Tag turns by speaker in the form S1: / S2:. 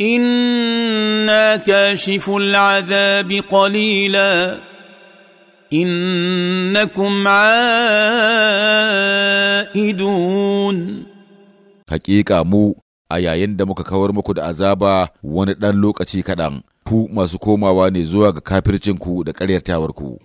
S1: انا كاشف العذاب قليلا انكم عائدون
S2: حقيقه مو a yayin da muka kawar muku da
S3: azaba wani ɗan lokaci kaɗan, ku masu komawa ne zuwa ga kafircinku da ƙaryatawarku.